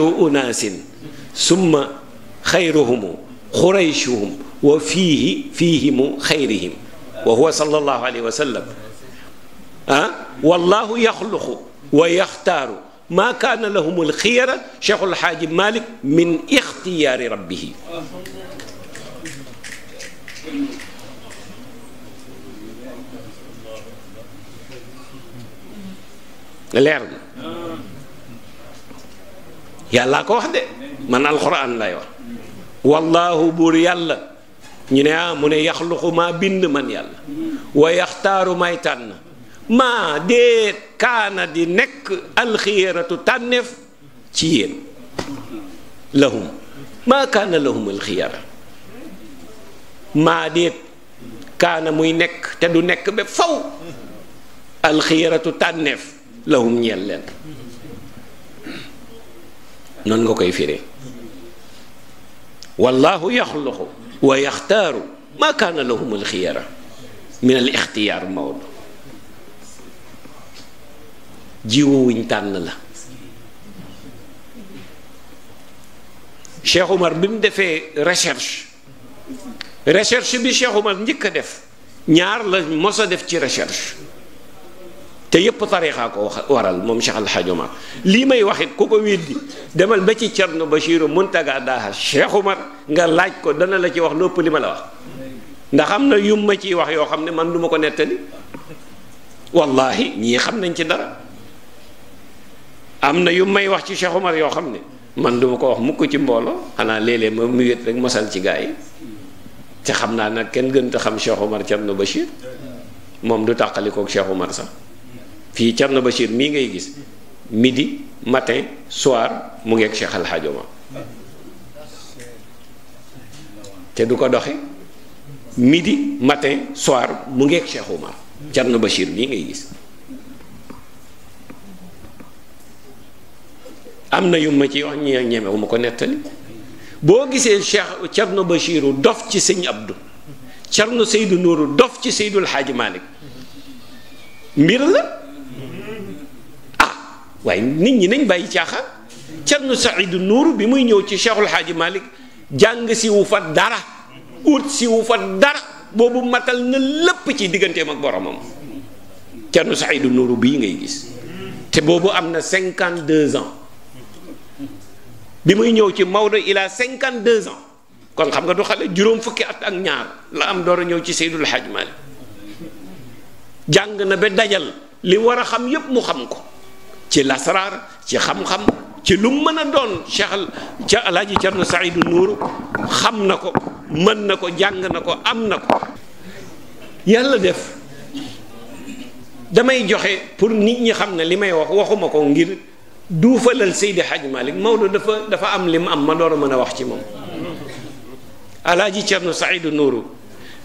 unaasin summa xayruhum xuraychuhum wa fiihi fiihimu xayrihim wa huwa sallallahu alayhi wa sallam ah wallahu yaxluqu wa yaxtaaru maa kaana lahum alxiyara cheikhul xaaji Malick min ixtiyaari rabbihi leer na yàlla ko wax de man alxuraan lay wax wallaahu buur yàlla ñu ne ah mu ne yaxluqu maa bind man yàlla wa yaxtaaru may tànn maa dee kaana di nekk alxiyaratu tànneef ci yéen lahum maa kaana lahum alxiyara maa déet kaana muy nekk te du nekk ba fow alxiyaratu tànneef lahum ñeel leen noonu nga koy firi wallahu yaxluqu wa yaxtaaru ma kaana lahum alxiyara min al ixtiyaar Maodo jiwuwuñ tànn la Cheikh Umar bi mu defee recherche recherche bi Cheikh Umar njëkk a def ñaar la mos a def ci recherche te yépp tariixaa ko waral moom Cheikh Al Hadj lii may waxit ku ko weddi demal ba ci Cerno Bachiru Muntaga Daha Cheikh Omar nga laaj ko dana la ci wax lépp li ma la wax ndax am na yum ma ciy wax yoo xam ne man du ma ko nettali wallahi ñii xam nañ ci dara am na yu may wax ci Cheikh Omar yoo xam ne man du ma ko wax mukk ci mbooloo xanaa léeg-léeg ma mu wét rek mosal ci gaa yi te xam naa nag kenn gën te xam Cheikh Omar Cerno Bachir moom du tàqalikook Cheikh Omar sax fii Thierno Bachir mii ngay gis midi matin soir mu ngeeg Cheikh Al Hadj Omar te du ko doxe midi matin soir mu ngeeg Cheikh Omar mii ngay gis am na yu ma ci wax ñi ñemewu ma ko nettali boo gisee Cheikh Thierno Bachiru dof ci sëñ Abdou Thierno Seydou Nourou dof ci Seydul Xaaji Malik mbir la waaye nit ñi nañ bàyyi caaxaan Cerno Saidu Nuuru bi muy ñëw ci Cheikhul Xaaji Malik jàng siwu fa dara ut siwu wu fa dara boobu matal na lépp ci digganteem ak boromam Cerno Saidu Nuuru bii ngay gis te boobu am na cinquante 52 ans bi muy ñëw ci Maodo il cinquante 52 ans kon xam nga du xale juróom fukki at ak ñaar la am door a ñëw ci Seydul Xaaji Malik jàng na ba dajal li war a xam yépp mu xam ko ci lasaraar ci xam-xam ci lu mu mën a doon Cheikh ca alaaji Cerno Saidu Nuuru xam na ko mën na ko jàng na ko am na ko yàlla def damay joxe pour nit ñi xam ne li may wax waxuma ko ngir duufalal Seydi Hadj Malick Maodo dafa dafa am li mu am ma door a mën a wax ci moom alaaji Cerno Saidu nuru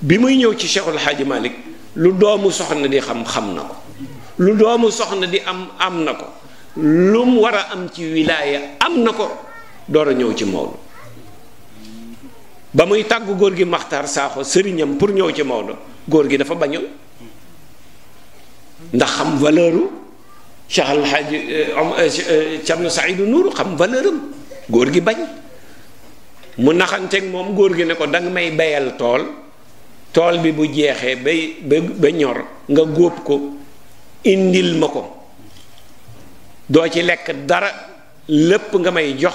bi muy ñëw ci Cheikhul Hadj Malick lu doomu soxna di xam xam na ko lu doomu soxna di am am na ko lu mu war a am ci wilaaya am na ko door a ñëw ci Maodo ba muy tàggu góor gi Maxtaar Saaxo sëriñam pour ñëw ci Maodo góor gi dafa bañoon ndax xam valeur u Cheikh Al Hadj euh, euh, euh, Thierno Saïdou xam valeur góor gi bañ mu naxanteeg moom góor gi ne ko danga may bayal tool tool bi bu jeexee bay ba ñor nga góob ko indil ma ko doo ci lekk dara lépp nga may jox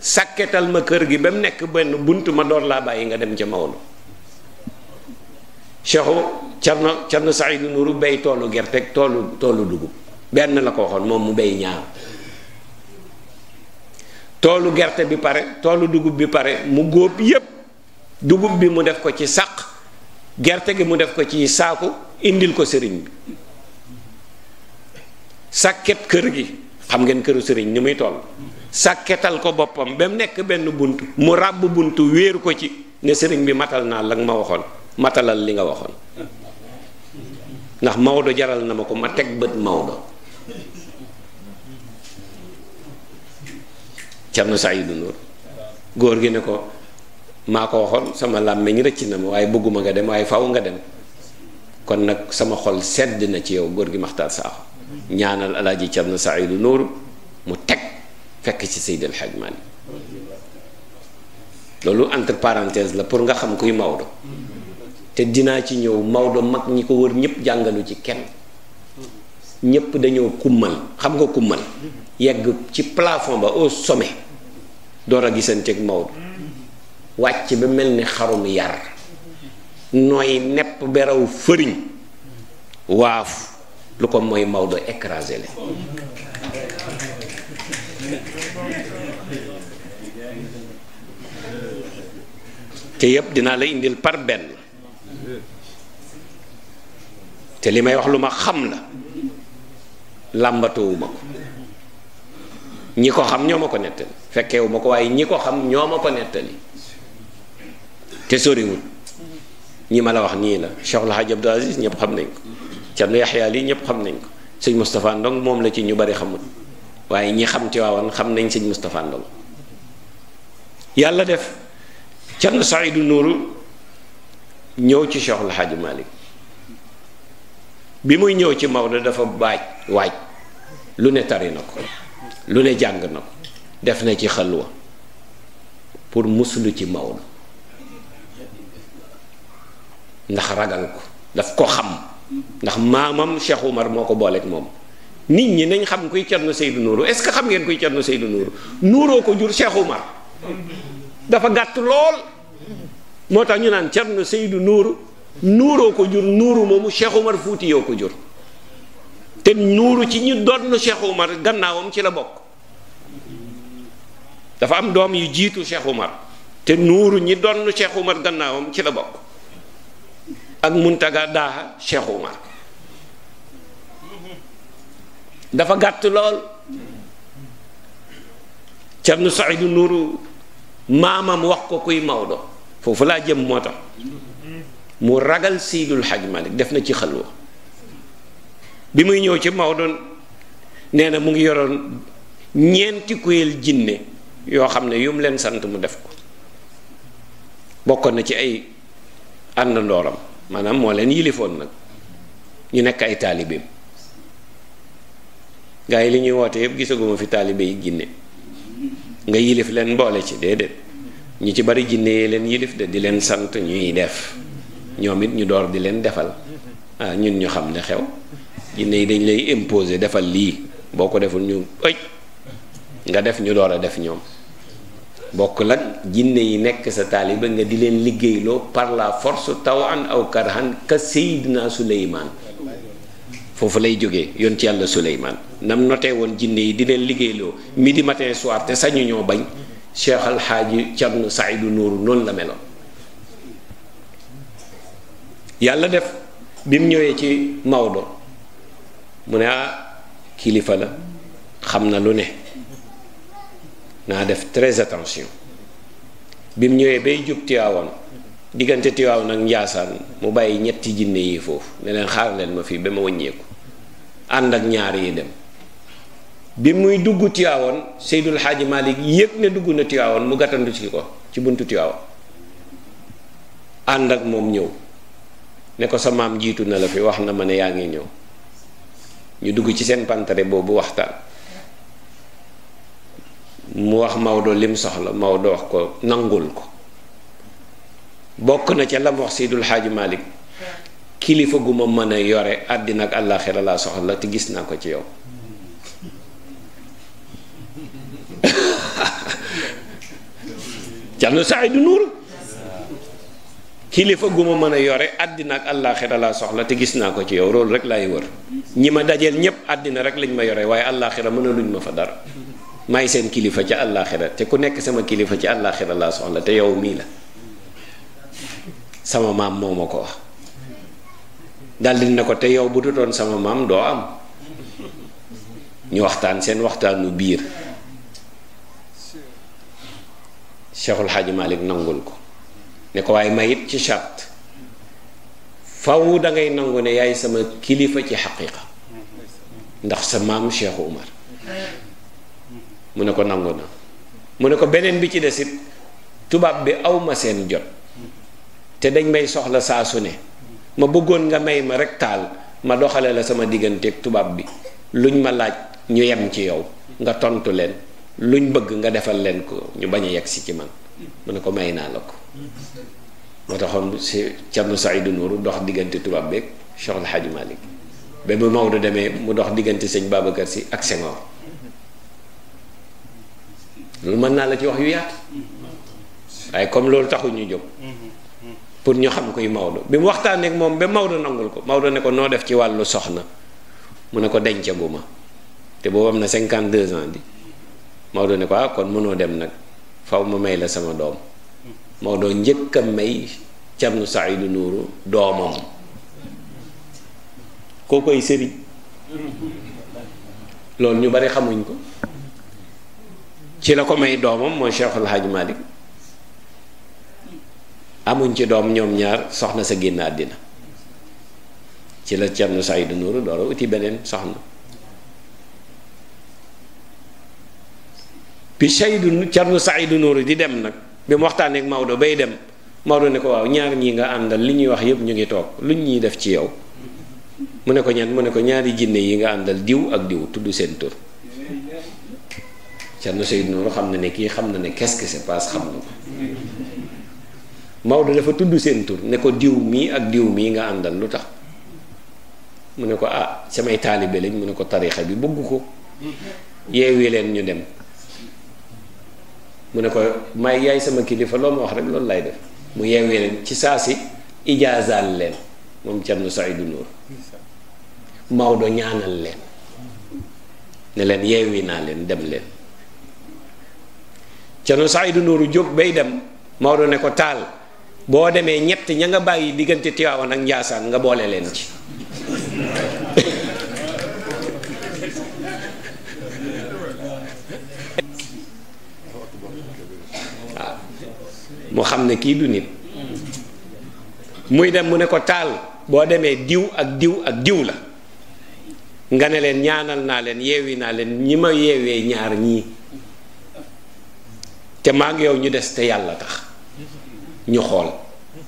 sàkketal ma kër gi ba mu nekk benn bunt ma door laa bàyyi nga dem ca Maodo Cheikhu Cerno Cerno Saidu Nuru bay toolu gerte toolu dugub benn la ko waxoon moom mu bay ñaar toolu gerte bi pare toolu dugub bi pare mu góob yépp dugub bi mu def ko ci sàq gerte gi mu def ko ci saaku indil ko sëriñ bi sàkket kër gi xam ngeen këru sëriñ ni muy toll sàkketal ko boppam ba mu nekk benn bunt mu ràbb bunt wéeru ko ci ne sëriñ bi matal naa la ma waxoon matalal li nga waxoon ndax Maodo jaral na ma ko ma teg bët Maodo Cerno Saydu Nuur góor gi ne ko maa ko waxoon sama làmmiñ rëcc na ma waaye bëgguma nga dem waaye faw nga dem kon nag sama xol sedd na ci yow góor gi Maxtaar Saaxo ñaanal alaaji Cerno Saidu Nuuru mu teg fekk ci Seydi El Hadj Malick loolu entre la pour nga xam kuy Maodo te dinaa ci ñëw Maodo mag ñi ko wër ñëpp jàngalu ci kenn ñëpp dañoo kummal xam nga kummal yegg ci plafond ba au sommet door a gisanteeg Maodo wàcc ba mel ni xarum yar nooy nepp beraw fëriñ waaf lu ko mooy Maodo écrasé la te yëpp dinaa la indil par benn te li may wax lu ma xam la làmbatuwuma ko ñi ko xam ñoo ma ko nettali fekkewuma ko waaye ñi ko xam ñoo ma ko nettali te soriwul ñi ma la wax ñii la soxla El Hadj Abdou Aziz ñëpp xam nañ ko Cerno Yaxya yi ñëpp xam nañ ko sëñ Moustapha Ndong moom la ci ñu bari xamul waaye ñi xam Tiwaawan xam nañ sëñ Moustapha Ndong yàlla def Cerno Saydu Nuuru ñëw ci Seexul Xaaji Maalik bi muy ñëw ci Maodo dafa baaj waaj lu ne tari na ko lu ne jàng na ko def na ci xalwa pour musulu ci Maodo ndax ragal ko daf ko xam ndax maamam Cheikh Umar moo ko booleeg moom nit ñi nañ xam kuy Cerno Seydou Nourou est-ce que xam ngeen kuy Cerno Seydou Nourou Nouroo ko jur Cheikh Umar gàtt lool moo tax ñu naan Cerno Seydou Nourou Nouroo ko jur Nourou moomu Cheikh Umar Fuuti yoo ko jur te Nourou ci ñu doon Cheikh Umar gannaawam ci la bokk dafa am doom yu jiitu Cheikh Umar te nuuru ñi doon Cheikh Umar gannaawam ci la bokk. ak muntaga daaxa Cheikh Oumar dafa gàtt lool nu Cerno Saidu Nuuru maamam wax ko kuy Maodo foofu laa jëm moo tax mu ragal Seydul Haj Malik def na ci xalwa bi muy ñëw ci Maodo nee na mu ngi yoroon ñeenti kuyel jinne yoo xam ne yum leen sant mu def ko bokkoon na ci ay àndandooram maanaam moo leen yilifoon nag ñu nekk ay taalibeem gaa yi li ñuy woote yëpp gisaguma fi taalibe yi jinne nga yilif leen mboole ci déedéet ñu ci bari jinne yee leen yilif de di leen sant ñuy def ñoom it ñu door di leen defal ah ñun ñu xam ne xew jinne yi dañ lay imposer defal lii boo ko deful ñu ëj nga def ñu door a def ñoom bokk lag jinne yi nekk sa taaliba nga di leen liggéeyloo par la force tawan aw karhan ka seydina suleymaan foofu lay jógee yoon ci yàlla suleymaan nam notee woon jinne yi di leen liggéeyloo midi matin soir te sañu ñoo bañ cheikh alxaaji noonu la melo yàlla def bi mu ñëwee ci Maodo mu ne ah kilifa la xam na lu ne naa def très attention bi mu ñëwee bay jub Tiwaawan diggante Tiwaawan ak Njaasaan mu bàyyi ñetti jinne yi foofu ne leen xaar leen ma fii ba ma wëññeeku ànd ak ñaar yi dem bi muy dugg Tiwaawan Seydul Xaaji Malik yëg ne dugg na Tiwaawan mu gàttandu ci ko ci buntu Tiwaawan ànd ak moom ñëw ne ko sa maam jiitu na la fi wax na ma ne yaa ngi ñëw ñu dugg ci seen pantare boobu waxtaan mu wax Maodo lim soxla Maodo wax ko nangul ko bokk na ca lam wax Seydul Xaaji Malik kilifa gu ma mën a yore àddina ak àllaaxira laa soxla te gis naa ko ci yow Cerno Saydu Nuur kilifa gu ma mën a yore àddina ak àllaaxira soxla te gis naa ko ci yow loolu rek laay wër ñi ma dajeel ñépp àddina rek lañ ma yore waaye àllaaxira mën a luñ ma fa dara may seen kilifa ci àllaaxira te ku nekk sama kilifa ci àllaaxira laa soxla te yow mii la sama maam moo ma ko wax daldi na ko te yow bu dutoon sama maam doo am ñu waxtaan seen waxtaanu biir Cheikhul Hadji Malick nangul ko ne ko waaye mayit ci charte faw dangay nangu ne yaay sama kilifa ci xaqiiqa ndax sa maam Cheikh Umar mu ne ko nangu na mu ne ko beneen bi ci desit tubaab bi awma seen jot te dañ may soxla saa su ne ma bëggoon nga may ma rek taal ma doxale la sama digganteeg tubaab bi luñ ma laaj ñu yem ci yow nga tontu leen luñ bëgg nga defal leen ko ñu bañ a yegg si ci man mu ne ko may naa la ko moo taxoon si Cerno Saydu Nuuru dox diggante tubaab beeg Cheikh El Hadj Malick ba bu Maodo demee mu dox diggante sëñ Babacar si ak Senghor loolu mën naa la ci wax yu yaatu waaye comme loolu taxul ñu jóg pour ñu xam koy Maodo bi mu waxtaanee moom ba Maodo nangul ko Maodo ne ko noo def ci wàllu soxna mu ne ko dencaguma te boo am na cinquante 52 ans di Maodo ne ko ah kon mënoo dem nag faw ma may la sama doom Maodo njëkk a may Thierno Saïdou Nourou doomam koo koy sëriñ loolu ñu bari xamuñ ko. ci la ko may doomam mooy Cheikh El Hadj amuñ ci doom ñoom ñaar soxna sa génn àddina ci la Thierno Saïdou Nourou door a uti beneen soxna bi Saïdou Thierno du Nourou di dem nag bi mu waxtaanee ak Maodo bay dem Maodo ne ko waaw ñaar ñi nga àndal li ñuy wax yëpp ñu ngi toog luñ ñuy def ci yow mu ne ko ñan mu ne ko ñaari jinne yi nga àndal diw ak diw tudd seen tur Cerno Seydou Nourou xam na ne kii xam na ne qu'est-ce qui xam na Maodo dafa tudd seen ne ko diw mii ak diw mii nga àndal lu tax mu ne ko ah samay taalibe lañ mu ne ko tarixa bi bëgg ko yeewi leen ñu dem mu ne ko may yaay sama kilifa loo ma rek loolu lay def mu yeewee leen ci saa si ijaazaal leen moom Cerno Seydou Nourou Maodo ñaanal leen ne leen yeewi naa leen dem leen yi du Nuuru jóg bay dem Maodo ne ko taal boo demee ñett ña nga bàyyi diggante Tiwaawan ak Njaasaan nga boole leen ci mu xam ne kii du nit muy dem mu ne ko taal boo demee diw ak diw ak diw la nga ne leen ñaanal naa leen yeewi naa leen ñi ma yeewee ñaar ñii te maa ngi yow ñu des te yàlla tax ñu xool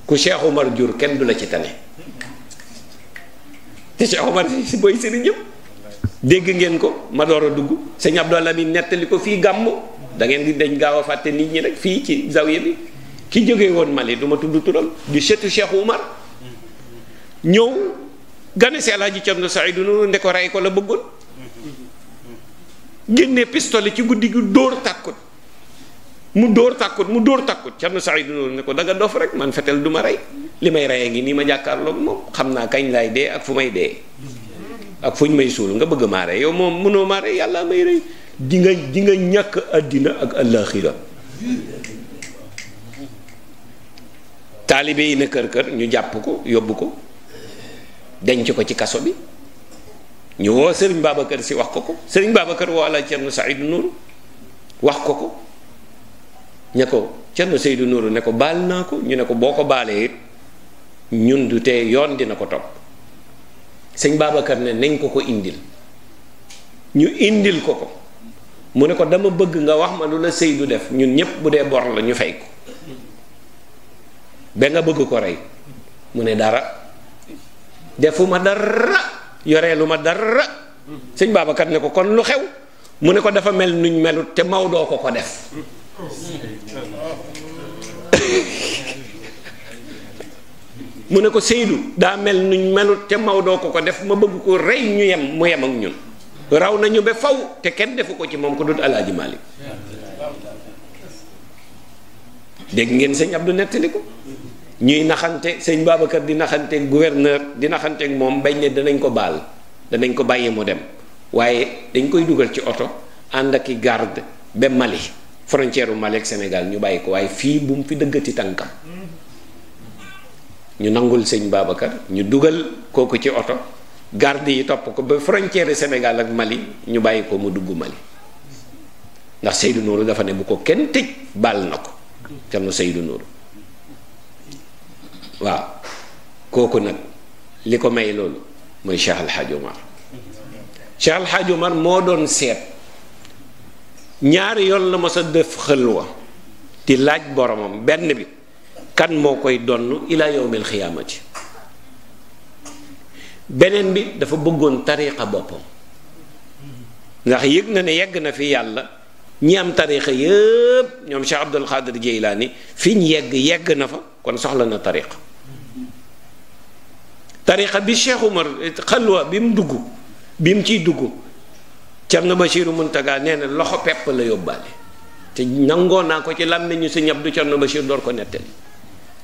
ku Cheikh Umar jur kenn du la ci tane te Cheikh Umar si booy sëriñ ñëpp dégg ngeen ko ma door a dugg sëñ la Amin nettali ko fii gàmm da ngeen di dañ gaaw a fàtte nit ñi rek fii ci zawiya bi ki jógee woon Mali du ma tudd turam di setu Cheikh Umar ñëw gane si El Hadj Thierno Seydou Nourou nde ko rey ko la bëggoon génne pistolet ci guddi gi dóor tàkkut mu dóor tàkkut mu dóor tàkkut Cerno Saïd Nourou ne ko daga dof rek man fetel du rey li may reyee ngi nii ma jàkkaarloog moom xam naa kañ laay dee ak fu may dee ak fuñ may suul nga bëgg maa rey yow moom mënoo maa rey yàlla may rey di nga di ñàkk àddina ak àllaaxira taalibe yi na kër kër ñu jàpp ko yóbbu ko denc ko ci kaso bi ñu sëriñ Serigne kër si wax ko ko Serigne Babacar woo Alaaji Cerno Saïd Nourou wax ko ko ne ko Cerno Seydou nuru ne ko baal naa ko ñu ne ko boo ko baalee ñun du tee yoon dina ko topp sëñ baabakat ne nañ ko ko indil ñu indil ko ko mu ne ko dama bëgg nga wax ma lu la Seydou def ñun ñépp bu dee bor la ñu fay ko ba nga bëgg ko rey mu ne dara defuma dara yoreelu ma dara sëñ Babacar ne ko kon lu xew mu ne ko dafa mel nuñ melut te Maodo ko ko def mu ne ko Seydou daa mel nuñ melut te Maodo ko ko def ma bëgg ko rey ñu yem mu yem ak ñun raw nañu ba faw te kenn defu ko ci moom ko dut Alaaji Malik dégg ngeen sëñ Abdou nettali ko ñuy naxante sëñ Babacar di naxante gouverneur di naxante ak moom bañ ne danañ ko baal danañ ko bàyyi mu dem waaye dañ koy dugal ci oto ànd ak i garde ba Mali frontière u Mali ak Sénégal ñu bàyyi ko waaye fii bu mu fi dëggati tànkam ñu nangul sëñ Babacar ñu dugal kooku ci oto garde yi topp ko ba frontière Sénégal ak Mali ñu bàyyi ko mu dugg Mali ndax Seydou Nourou dafa ne bu ko kenn tëj baal na ko mu Seydou Nourou waaw kooku nag li ko may loolu mooy Cheikh Al Hadj Omar moo doon seet. ñaari yoon la mas a def xëlwa di laaj boromam benn bi kan moo koy donn ilaa yawmil xiyaamati beneen bi dafa bëggoon tariixa boppam ndax yëg na ne yegg na fi yàlla ñi am tariixa yépp ñoom Cheikh Abdul Xaadir Jeylaani fi ñu yegg yegg na fa kon soxla na tariixa tariixa bi Cheikh Umar xalwa bi mu dugg bi mu ciy dugg Cerno Bachiru Muntaga nee na loxo pepp la yóbbaale te nangoo naa ko ci làmmiñu si ñab du Cerno Bachir door ko nettali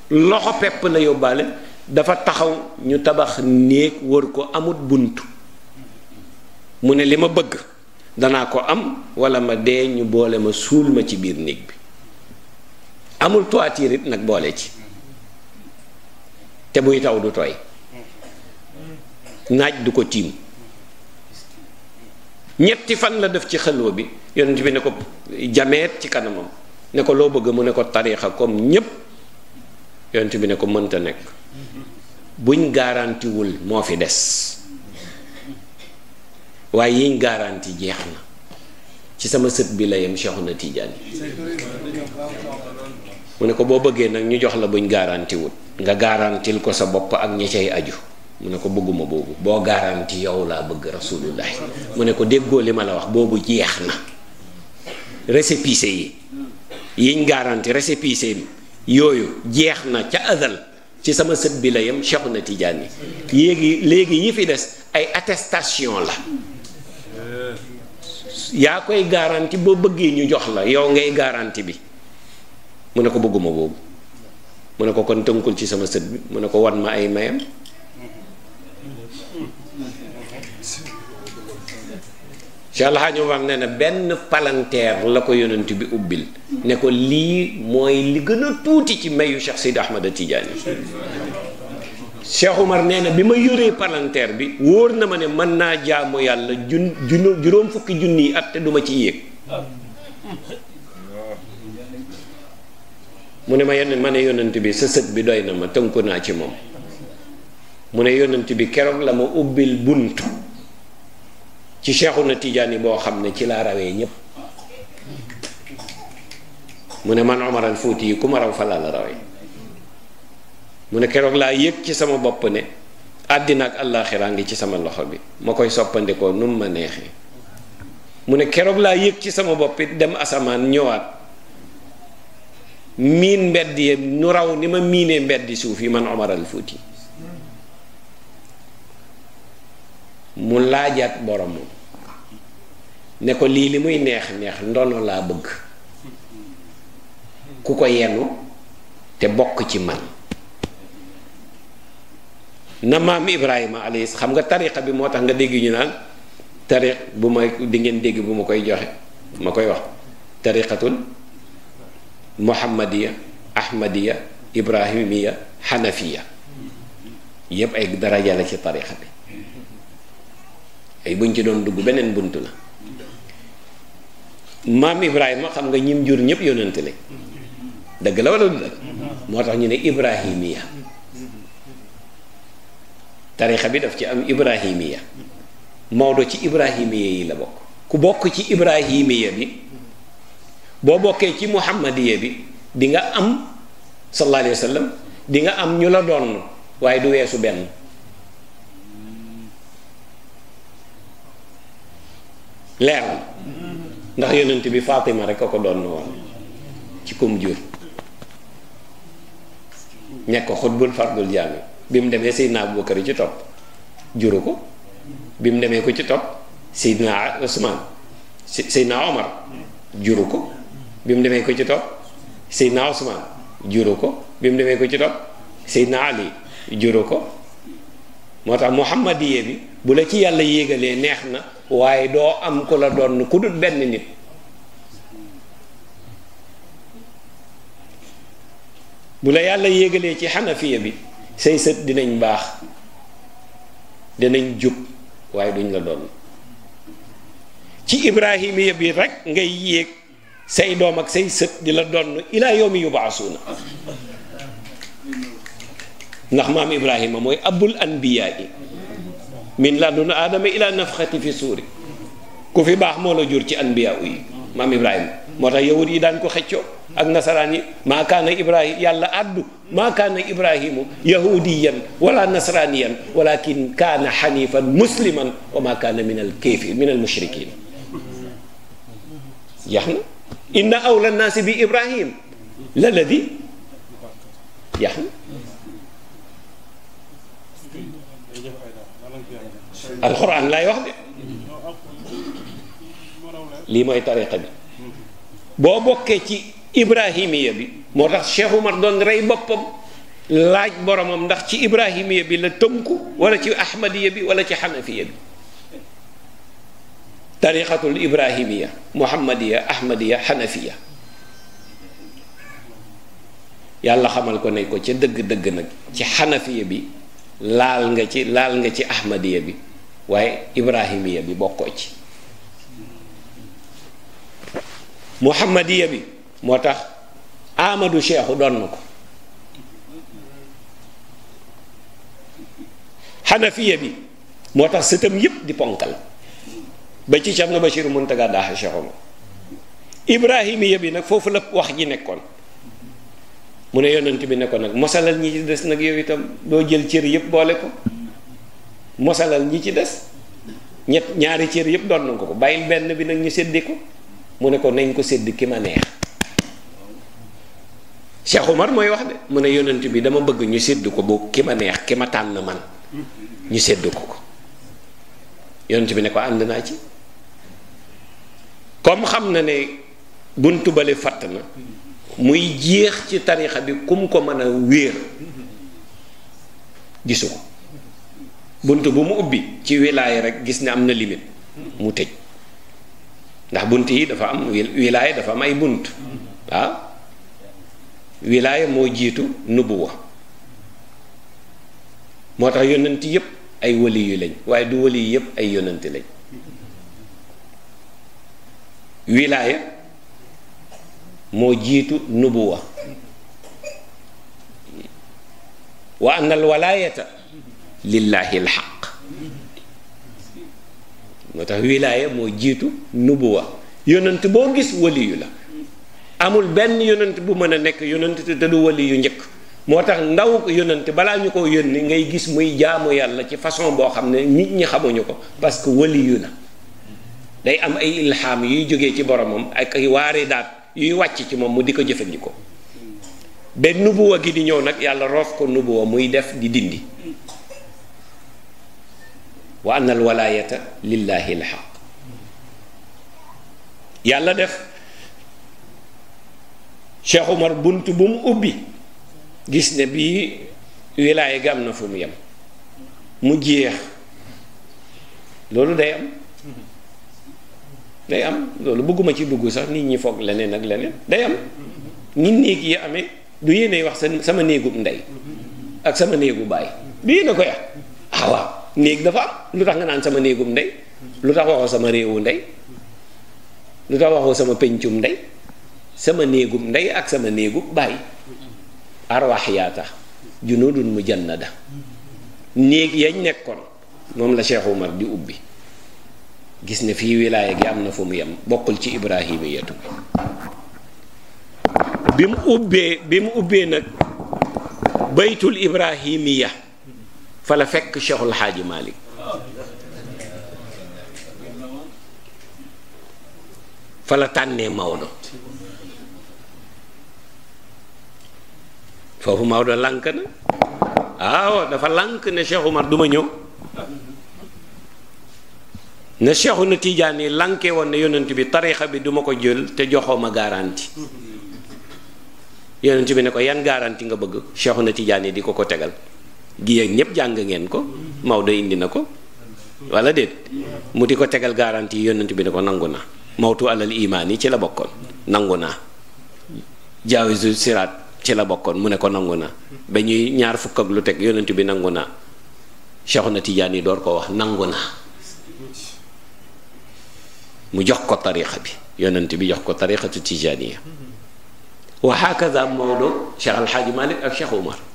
loxo pepp la yóbbaale dafa taxaw ñu tabax néeg wër ko amut bunt mu ne li ma bëgg danaa ko am walla ma dee ñu boole ma suul ma ci biir néeg bi amul toiture it nag boole ci te buy taw du tooy naaj du ko tiim ñetti fan la def ci xalwa bi yonent bi ne ko jameet ci kanamam ne ko loo bëgg mu ne ko tariixa comme ñépp yonent bi ne ko mënta nekk buñ garantiwul moo fi des waaye yiñ garanti jeex na ci sama sët bi la yem Cheikhuna Tidiane mu ne ko boo bëggee nag ñu jox la buñ garantiwul nga garantil ko sa bopp ak ñi aju mu ne ko bëgguma boobu boo garanti yow laa bëgg rasulullah mu ne ko déggoo li ma la wax boobu jeex na récépissé yi yiñ garanti récépissé bi yooyu jeex na ca azal ci sama sët bi la yem Cheikhu na Tijaani yéegi léegi yi fi des ay attestation la yaa koy garanti boo bëggee ñu jox la yow ngay garanti bi mu ne ko bëgguma boobu mu ne ko kon tënkul ci sama sët bi mu ne ko wan ma ay mayam Cheikh El Hadj na benn palanteer la ko yonent bi ubbil ne ko lii mooy li gën a tuuti ci mayu Cheikh Sidi Ahmad Tidiane Cheikh Omar nee na bi ma yoree palanteer bi wóor na ma ne mën naa jaamu yàlla jun juróom fukki junni at te duma ci yéeg mu ne ma yenn ma ne yonent bi sa bi doy na ma tënku naa ci moom mu ne yonent bi keroog la ma ubbil bunt ci na tiijaan yi boo xam ne ci laa rawee ñépp mu ne man Omar al Fuuti yi ku ma raw fa rawee mu ne keroog laa yëg ci sama bopp ne àddina ak àllaaxiraa ci sama loxo bi ma koy soppandikoo nu mu ma neexee mu ne keroog laa yëg ci sama bopp it dem asamaan ñëwaat miin mbedd yi nu raw ni ma miinee mbedd suuf yi man Omar al Fuuti mu laajaat boromam ne ko lii li muy neex neex ndono laa bëgg ku ko yenu te bokk ci man na maam Ibrahima alayhi xam nga tariqa bi moo tax nga dégg ñu naan tariq bu ma di ngeen dégg bu ma koy joxe ma koy wax tariqatul muhammadiya ahmadiya ibrahimiya xanafiya yépp ay daraja la ci tariqa bi ay buñ ci doon dugg beneen bunt la maam Ibrahima xam nga ñim njur ñëpp yonent lañ dëgg la wala du dëgg moo tax ñu ne Ibrahimiya tarixa bi daf ci am Ibrahimiya Maodo ci Ibrahimiya yi la bokk ku bokk ci Ibrahimiya bi boo bokkee ci Muhammadiya bi di nga am sallallahu alayhi wa dinga am ñu la doon waaye du weesu benn. leer ndax yonent bi Fatima rekk a ko doon woon ci kum jur ñekk xutbul fardul jaami bi mu demee Seydina Abubakar ci topp juru ko bi mu demee ko ci topp Seydina Usmaan Seydina Omar juru ko bi mu demee ko ci topp Seydina Usmaan juru ko bi mu demee ko ci topp Seydina Ali juru ko moo tax muhammadiye bi bu la ci yàlla yéegalee neex na waaye doo am ku la doon ku dul benn nit bu la yàlla yéegalee ci xanafiya bi say sët dinañ baax dinañ jub waaye duñ la doon ci ibrahimiya bi rekk ngay yéeg say doom ak say sët di la doon ilaa yawmi yubaasuuna ndax maam ibrahima mooy abul anbiyaa yi min ladun aadama ila nafxati fi suuri ku fi baax moo la jur ci anbiyaa yi maam ibrahima moo tax yahud yi daan ko xëccoo ak nasaraan yi maa kaana ibrahim yàlla addu maa kaana ibrahimu yahudiyan wala nasraniyan walakin kaana xanifan musliman wa maa kaana min al kéefir min al mushrikin jeex na inna awla naasi bi ibrahim laladi jeex na alxuraan laay wax de lii mooy tariqa bi boo bokkee ci ibrahimiya bi moo tax Cheikh Umar doon rey boppam laaj boromam ndax ci ibrahimiya bi la tënku wala ci ahmadiya bi wala ci xanafiya bi tariqatul ibrahimiya muhammadiya ahmadiya xanafiya yàlla xamal ko ne ko ca dëgg-dëgg nag ci xanafiya bi laal nga ci laal nga ci ahmadiya bi waaye ibrahimiya bi bokkoo ci muhammadiya bi moo tax amadu cheikhu doon na ko xanafiya bi moo tax sëtam yépp di ponkal ba ci cam Cheikh na Bachir Muntaga daaxa cheikhu ma ibrahimiya bi nag foofu la wax ji nekkoon mu ne yonent bi ne ko nag mosalal ñi des nag yow itam doo jël cër yépp boole ko mosalal ñi ci des ñett ñaari cër yëpp doon nañ ko ko bàyyil benn bi nag ñu séddi ko mu ne ko nañ ko sédd ki ma neex Cheikh Omar mooy wax de mu ne yonent bi dama bëgg ñu sédd ko boo ki ma neex ki ma tànn man ñu sédd ko ko yonent bi ne ko ànd naa ci comme xam na ne buntu bale fatt na muy jeex ci tarixa bi kum ko mën a wéer gisu ko bunt bu mu ubbi ci wilaaya rek gis ne am na limite mu tëj ndax bunt yi dafa am wilaaya dafa am ay bunt waaw ah? wilaaya moo jiitu nubuwa moo tax yonent yépp ay wali yu lañ waaye du wali yépp ay yonent lañ wilaaya moo jiitu nubuwa wa annal walaayata lillahi alxaq moo tax wilaaya moo jiitu nubuwa yonant boo gis waliyu la amul benn yonant bu mën a nekk yonent te du waliyu njëkk moo tax ndaw yonant balaa ñu ko yónni ngay gis muy jaamu yàlla ci façon boo xam ne nit ñi xamuñu ko parce que waliyu la day am ay ilham yuy jógee ci boromam ak ay waaridaat yuy wàcc ci moom mu di ko jëfandikoo ba nubuwa gi di ñëw nag yàlla roof ko nubuwa muy def di dindi wa anna al walaayata lillaahi al yàlla def Cheikh Umar bunt bu mu ubbi gis ne bii wilaaya gi am na fu mu yem mu jeex loolu day am day am loolu bëgguma ci dugg sax nit ñi foog leneen ak leneen day am ñi néeg yi amee du yéenay wax sama néegub ndey ak sama néegu baay du yéen a koy néeg dafa am lu tax nga naan sama néegum ndey lu tax waxoo sama réewu ndey lu tax waxoo sama pencum ndey sama néegum ndey ak sama néegum baay arwax yaa tax junudun mujannada néeg yañ nekkoon moom la Cheikh Umar di ubbi gis ne fii wilaaya gi am na fu mu yem bokkul ci ibrahimiyatu bi mu ubbee bi mu ubbee nag baytul ibrahimiya fa la fekk Cheikhul Xaaji Malik fa la tànnee Maodo foofu Maodo lànk na waaw dafa lànk ne Cheikh Umar du ñëw ne Cheikhu na Tiijaan yi lànkee woon ne yonent bi tarixa bi duma ko jël te joxoo ma garanti yonent bi ne ko yan garanti nga bëgg Cheikhu na Tiijaan yi di ko ko tegal gi ak ñëpp jàng ngeen ko Maodo indi na ko wala déet mu di ko tegal garantie yonent bi ne ko nangu naa mawtu alal imaan yi ci la bokkoon nangu naa jaawisu siraat ci la bokkoon mu ne ko nangu naa ba ñuy ñaar fukk ak lu teg yonent bi nangu naa Cheikhuna Tijaan yi door ko wax nangu naa mu jox ko tarixa bi yonent bi jox ko tarixatu tijaaniya wa hakaza Maodo Cheikh Alxaaji Malik ak Cheikh Umar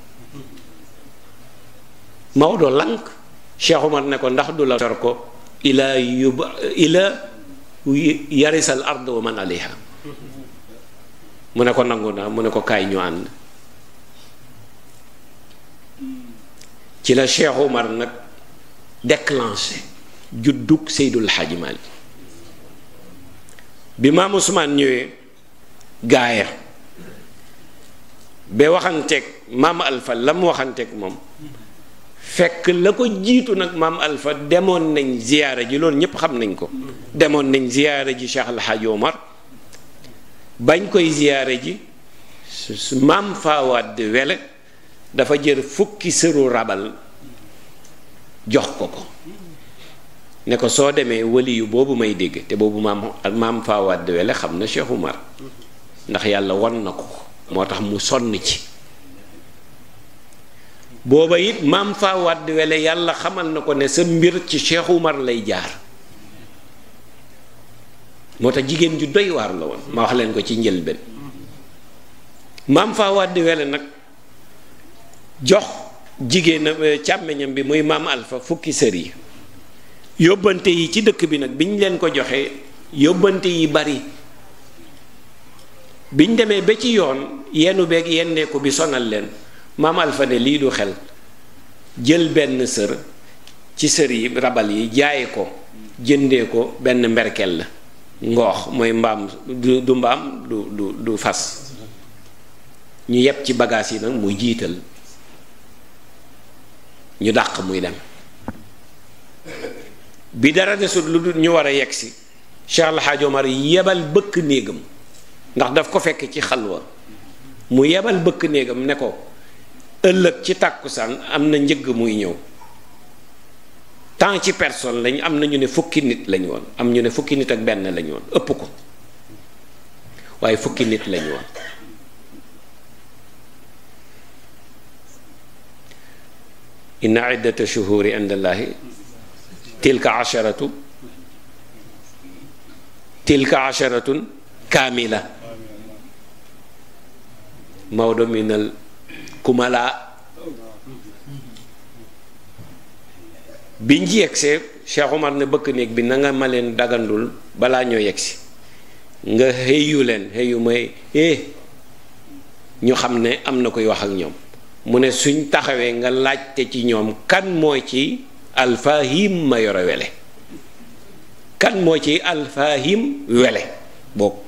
Maodo lank Cheikh Omar ne ko ndax du la tor ko ilaa yub ilaa yarisal ard wa man aleyha mu ne ko nangu na mu ne ko kaay ñu ànd ci la Cheikh Omar nag déclenché juddug Seydul Xaaji bi maam Ousmane ñëwee gaaya ba waxanteeg maam Alfa la mu waxanteeg moom fekk la ko jiitu nag maam Alpha demoon nañ ziyaara ji loolu ñëpp xam nañ ko demoon nañ ziyaara ji Cheikh El Hadj Omar bañ koy ziyaara ji maam Fawad Wele dafa jër fukki sëru rabal jox ko ko ne ko soo demee wali boobu may dégg te boobu maam maam Fawad Wele xam na Cheikh Omar ndax yàlla won na ko moo tax mu sonn ci. booba it maam faa wàdd wele yàlla xamal na ko ne sa mbir ci Cheikh Umar lay jaar moo tax jigéen ju doy waar la woon ma wax leen ko ci njëlbeen maam faa wàdd wele nag jox jigéenam eh, càmmeñam bi muy maam Alfa fukki sër yi yóbbante yi ci dëkk bi nag biñ leen ko joxee yóbbante yi bari biñ demee ba ci yoon yenu beeg yenneeku bi sonal leen maam Alfa lii du xel jël benn sër ci sër yi rabal yi jaaye ko jëndee ko benn mberkel la ngoox mooy mbaam du mbaam du du fas ñu yeb ci bagaas yi nag mu jiital ñu dàq muy dem bi dara desut lu du ñu war a yegg si Cheikh Al Hadj Omar yebal bëkk néegam ndax daf ko fekk ci xalwa mu yebal bëkk néegam ne ko ëllëg ci tàkkusaan am na njëgg muy ñëw temps ci personne lañ am na ñu ne fukki nit lañ woon am ñu ne fukki nit ak benn lañ woon ëpp ko waaye fukki nit lañ woon inna iddata shuhuri inda allahi asharatu tilka asharatun kaamila mawdo minal Kumala biñ ci yegsee Cheikh Omar ne bëkk néeg bi nanga ma leen dagandul balaa ñoo yegsi nga xëyu leen xëyu may eh ñu xam ne am na koy wax ak ñoom mu ne suñ taxawee nga laajte ci ñoom kan moo ci alfahim ma yore wele kan moo ci alfahim wele boo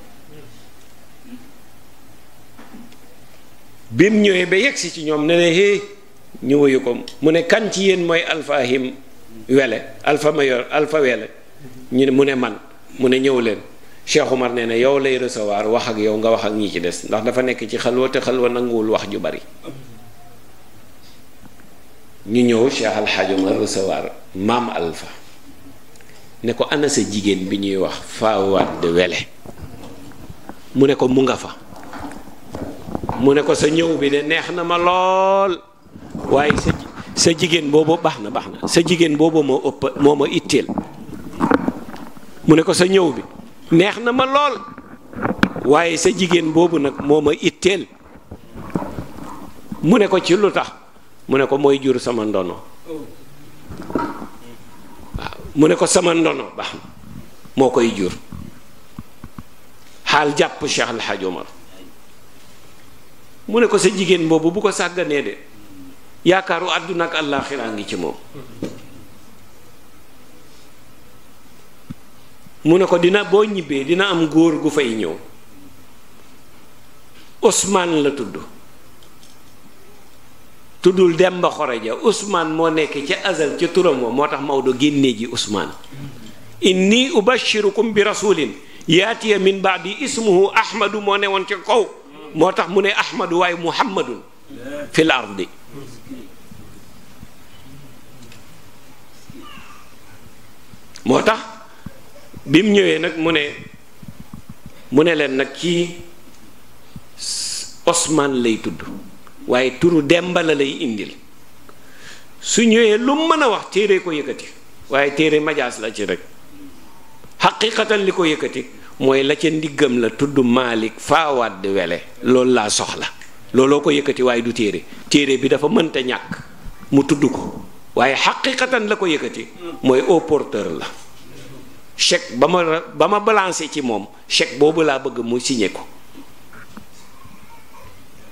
bi mu ñëwee ba yegsi ci ñoom ne ne hé ñu wuyu ko mu ne kan ci yéen mooy alpha him wele alfa mayor alfa wele ñu ne mu ne man mu ne ñëw leen Cheikh Umar nee na yow lay recevoir wax ak yow nga wax ak ñi ci des ndax dafa nekk ci xalwa te xalwa nanguwul wax ju bari ñu ñëw Cheikh Alxaaj Umar recevoir maam alfa ne ko ana sa jigéen bi ñuy wax faawaat de wele mu ne ko mu nga fa mu ne ko sa ñëw bi de neex na ma lool waaye sa jigéen boobu baax na baax na sa jigéen boobu moo ëpp moo ma itteel mu ne ko sa ñëw bi neex na ma lool waaye sa jigéen boobu nag moo ma itteel mu ne ko ci lu tax mu ne ko mooy jur sama ndono waaw mu ne ko sama ndono baax na moo koy jur xaal jàpp Cheikh Al mu ne ko sa jigéen boobu bu ko sàgganee de yaakaaru àdduna ak àllaaxiraa ngi ci moom mu ne ko dina boo ñibbee dina am góor gu fay ñëw Ousmane la tudd tuddul Demba Xoreja Ousmane moo nekk ca azal ca turam wa moo tax Maodo génnee ji Ousmane inni ubashirukum bi rasulin yaatiya min baadi ismuhu ahmadu moo ne woon ca kaw moo tax mu ne ahmadu waaye muhammadun fil ardi moo tax bi mu ñëwee nag mu ne mu ne leen nag ci Osman lay tudd waaye turu Demba lay indil su ñëwee lu mën a wax téere ko yëkkati waaye téere majaas la ci rek xaqiqatan li ko yëkkati mooy la ca ndiggam la tudd Malick faawaat di wele loolu laa soxla looloo ko yëkkati waaye du téere téere bi dafa mënta ñàkk mu tudd ko waaye xaqiqatan la ko yëkkati mooy au porteur la chèque ba ma ba ci moom chèque boobu laa bëgg mu signé ko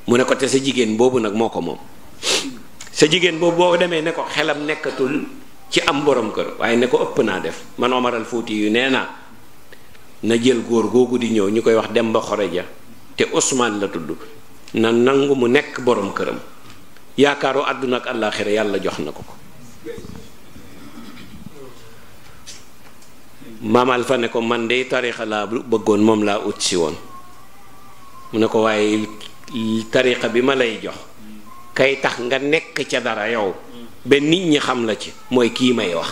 mu ne ko te sa jigéen boobu nag moo ko moom sa jigéen boobu boo demee ne ko xelam nekkatul ci am borom kër waaye ne ko ëpp naa def man Omar al Fouti yu nee naa na jël góor googu di ñëw ñu koy wax Demba ja te Ousmane la tudd na nangu mu nekk boroom këram yaakaaru àdduna ak àllaaxira yàlla jox na ko ko maamal fa ne ko man dey tarixa laa bëggoon moom laa ut si woon mu ne ko waaye tarixa bi ma lay jox kay tax nga nekk ca dara yow ba nit ñi xam la ci mooy kii may wax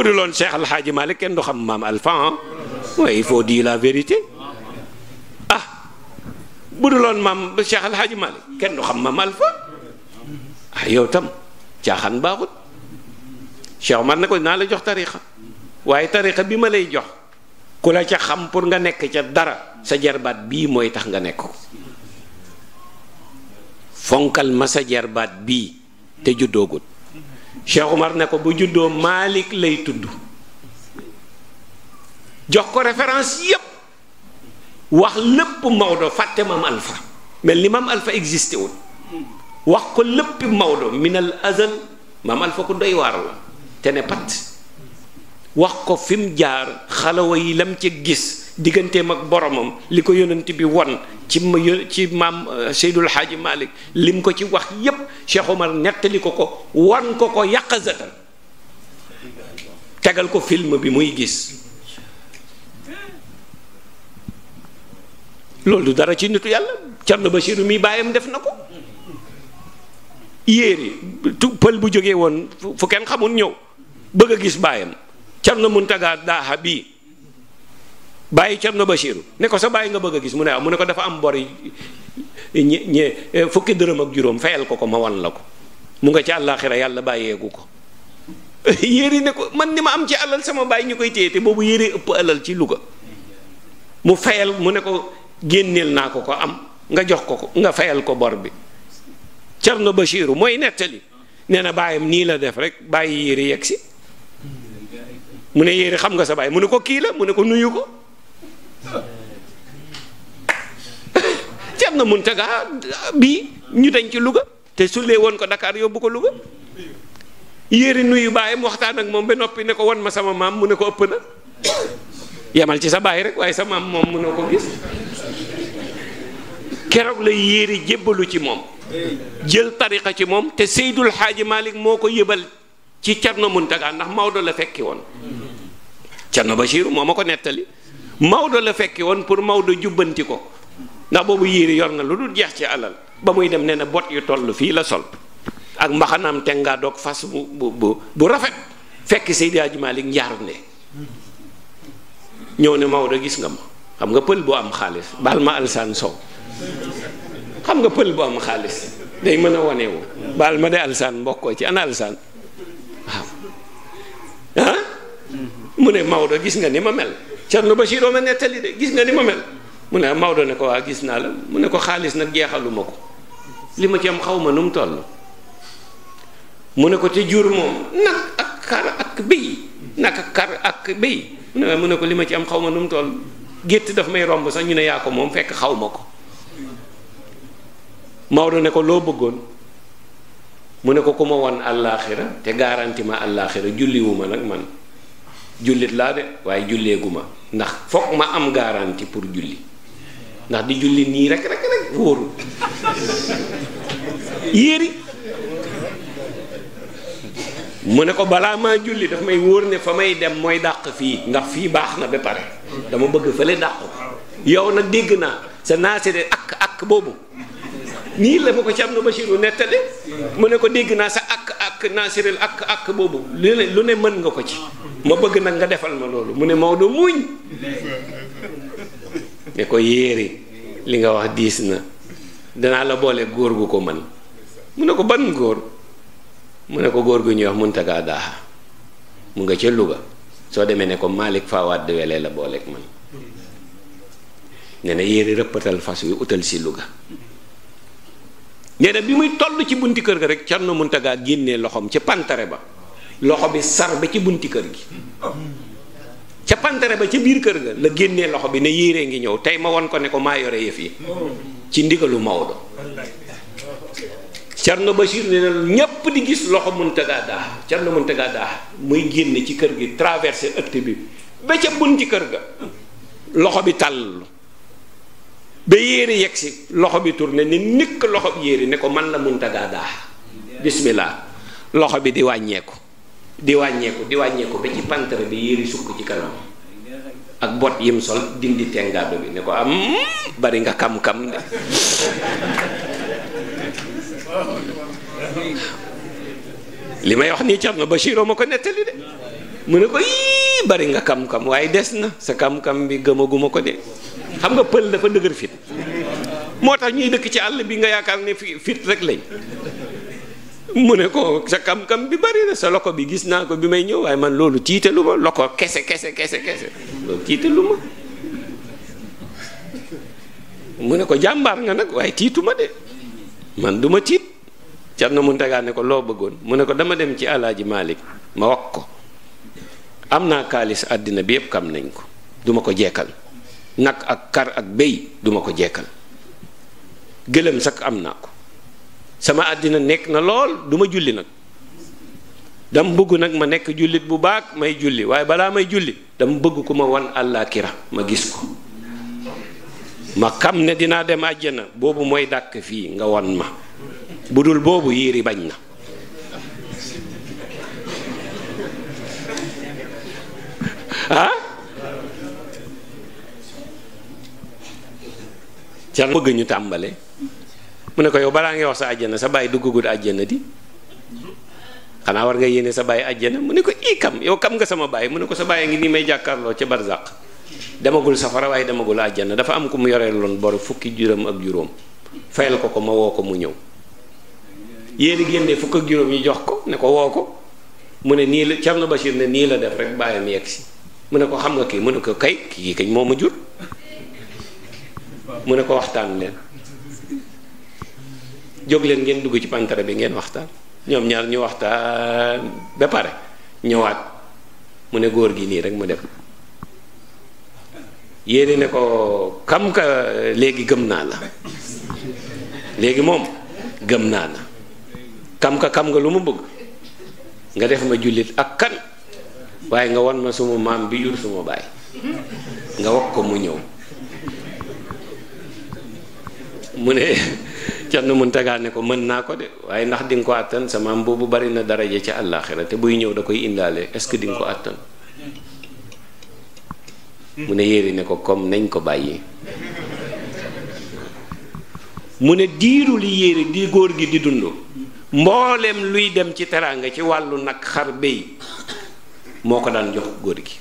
bu dul woon Cheikh Al Hadj Malick kenn du xam maam Alpha ah il la vérité ah bu dul woon maam kenn du xam maam Alpha ah, yow tam caaxaan baaxut Cheikh man na ko naa la jox tariqa waaye tariqa bi ma lay jox ku la ca xam pour nga nekk ca dara sa jarbaat bii mooy tax nga nekk ko fonkal ma sa jarbaat bii te juddoogut Cheikh Umar ne ko bu juddoo Malik lay tudd jox ko référence yépp wax lépp Maodo fàtte maam Alpha mel ni maam alfa existé wul wax ko léppi Maodo minal azal maam Alpha ku doy waar la te ne pat wax ko fi jaar xalawa yi lam ci gis digganteem ak boromam li ko yonent bi won ci ci maam euh, Seydul Xaaji Malik lim ko ci wax yépp Cheikh Omar nettali ko ko won ko ko yàqazatan tegal ko film bi muy gis loolu dara ci nitu yàlla ba Basiru mi baayam def na ko yéeri tu pël bu jógee woon fu kenn xamul ñëw bëgg a gis bàyyam Cerno Muntaga Daha bii bàyyi Cerno Bachiru ne ko sa bàyyi nga bëgg a gis mu ne ah mu ne ko dafa am bor yi ñe eh, fukki dërëm ak juróom fayal ko ko ma wan la ko mu nga ci àllaaxira yàlla bàyyeegu ko yére ne ko man ni ma am ci alal sama bàyyi ñu koy téye te boobu yére ëpp alal ci luga mu fayal mu ne ko génneel naa ko ko am nga jox ko ko nga fayal ko bor bi Cerno Bachiru mooy nettali nee na bàyyam nii la def rek bàyyi yére yegg si mu ne yére xam nga sa bàyyi mu ne ko kii mu ne ko nuyu Thierno Mountaga bii ñu dañ ci Louga te sulee woon ko Dakar yóbbu ko luga yéeri nuyu baayam waxtaan ak moom ba noppi ne ko won ma sama maam mu ne ko ëpp na yamal ci sa baay rek waaye sa maam moom mënoo ko gis keroog la yéeri jébbalu ci moom jël tariqa ci moom te Seydul Xaaji Malik moo ko yëbal ci Thierno Mountaga ndax Maodo la fekki woon Thierno Bachir moo ma ko nettali Maodo la fekke woon pour Maodo jubbanti ko ndax boobu yéere yor na lu dul jeex ci alal ba muy dem nee na bot yu toll fii la sol ak mbaxanaam tengaa doog fas bu bu bu rafet fekk Seydi Hadji Malick njaaru ne ñëw ne Maodo gis nga ma xam nga pël bu am xaalis baal ma alsaan sow xam nga pël bu am xaalis day mën a wanewu baal ma de alsaan mbokkoo ci ana alsaan waaw ah? mu ne Maodo gis nga ni ma mel Cerno Bachiroo ma nettali de gis nga ni ma mel mu ne Maodo ne ko waa gis naa la mu ne ko xaalis nag jeexaluma ko li ma ci am xaw ma nu mu toll mu ne ko te jur moom nag ak xar ak béy ne ko li ma ci am xaw ma nu mu toll gétt dafa may romb sax ñu ne yaa ko moom fekk xaw ma ko Maodo ne ko loo bëggoon mu ne ko ku ma won àllaaxira te garanti ma àllaaxira julliwuma nag man jullit laa de waaye julleeguma ndax foog ma am garantie pour julli ndax di julli nii rek rek rek wóorul yéeri mu ne ko balaa ma julli daf may wóor ne fa may dem mooy dàq fii ndax fii baax na ba pare dama bëgg fële dàq ko yow nag dégg naa sa naasere ak ak boobu nii la ma ko ci am na Bachir nettali mu ne ko dégg naa sa ak naa naasiril ak ak boobu lu ne lu ne mën nga ko ci ma bëgg nag nga defal ma loolu mu ne Maodo muñ ne ko yéeri li nga wax diis na danaa la boole góor gu ko man mu ne ko ban góor mu ne ko góor gu ñuy wax Muntaga Daha mu nga ca Louga soo demee ne ko Malick Fawad de Wele la booleeg man ne na yéeri rëppatal fas wi utal si luga nee bi muy toll ci bunti kër ga rek Cerno Muntaga génnee loxoom ca pantare ba loxo bi sar ba ci bunti kër gi ca pantare ba ca biir kër ga la génne loxo bi ne yéeree ngi ñëw tey ma won ko ne ko maa yore yëf yi ci ndigalu Maodo Cerno Bachir ne na ñépp di gis loxo Muntaga daa Cerno Muntaga daa muy génn ci kër gi traversé ëtt bi ba ca bunti kër ga loxo bi tàll ba yéere yegg loxo bi tourné ni nikk loxo bi yéere ne ko man la muntagaa daax bismillah loxo bi di wàññeeku di wàññeeku di wàññeeku ba ci pantere bi yéere sukk ci kanam ak bot yim sol dindi tengaado bi ne ko am bari nga kam-kam de li may wax nii Thierno Bachir ma ko nettali de mu ne ko yii bari nga kam-kam waaye des na sa kam-kam bi gëmaguma ko de xam nga pël dafa dëgër fit moo tax ñuy dëkk ci àll bi nga yaakaar ne fi fit rek lañ mu ne ko sa kam-kam bi bari na sa loko bi gis naa ko bi may ñëw waaye man loolu tiitalu ma loko kese kese kese kese loolu tiitalu mu ne ko jàmbaar nga nag waaye tiitu ma de man du tiit car na mun tegaat ko loo bëggoon mu ne ko dama dem ci àllaaji Malick ma wax ko am naa kaalis àddina bi yëpp kam nañ ko duma ko jekkal nag ak kar ak béy duma ko jekkal gëlëm sax am naa ko sama àddina nekk na lool duma julli nag dama bëgg nag ma nekk jullit bu baax may julli waaye balaa may julli dama bëgg ku ma wan allaakira ma gis ko ma xam ne dinaa dem àjjana boobu mooy dàq fii nga wan ma bu dul boobu yiiri bañ na ah ca la ñu tàmbale mu ne ko yow balaa ngay wax sa àjjana sa bàyyi duggagul àjjana di xanaa war nga yéene sa bàyyi àjjana mu ne ko ii yow kam nga sama bàyyi mu ne ko sa bàyyi ngi nii may jàkkaarloo ca barzaq demagul safara waaye demagul dafa am ku mu yoree loon bor fukki juróom ak juróom fayal ko ko ma woo ko mu ñëw yéen génne fukk ak jox ko ne ko woo ko mu ne nii la Thierno Bachir ne nii la def rek bàyyam yegg si mu ne ko xam nga kii mu ne ko kay kii kañ moo ma jur mu ne ko waxtaan leen jóg leen ngeen dugg ci pantare bi ngeen waxtaan ñoom ñaar ñu waxtaan ba pare ñëwaat mu ne góor gi nii rek mu def yéene ne ko kam ka léegi gëm naa la léegi moom gëm naa la kam ka kam nga lu mu bëgg nga def ma jullit ak kan waaye nga wan ma suma maam bi jur suma baay nga wax ko mu ñëw mu ne Cerno Muntaga ne ko mën naa ko de waaye ndax di ko àttan sama maam boobu bari na daraja ci àllaaxira te buy ñëw da koy indaale est-ce que di nga ko àttan mu ne yéeri ne ko comme nañ ko bàyyi mu ne diiru li yéeri di góor gi di dund mbooleem luy dem ci teraanga ci wàllu nag xar béy moo ko daan jox góor gi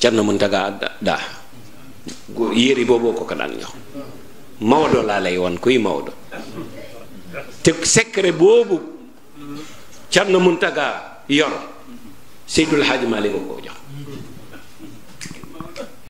Cerno Muntaga daa yére booboo ko ko daan jox Maodo laa lay won kuy Maodo te secret boobu Thierno Mountaga yor Seydul Hadji Malick ko jox